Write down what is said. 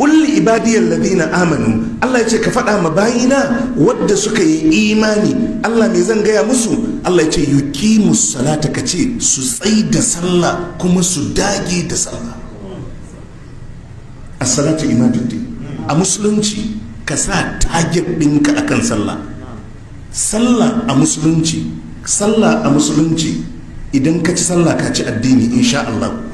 kulli ibadiyar ladina amanu Allah ya ce ka faɗa ma bayina wadda suka yi imani Allah mai zan gaya musu Allah ya ce yuki musalata ka ce su tsai da sallah kuma su dage da sallah a salatu imaduddin a musulunci ka sa target ɗinka akan sallah sallah a musulunci sallah a musulunci idan ka ci sallah ka ci addini insha Allah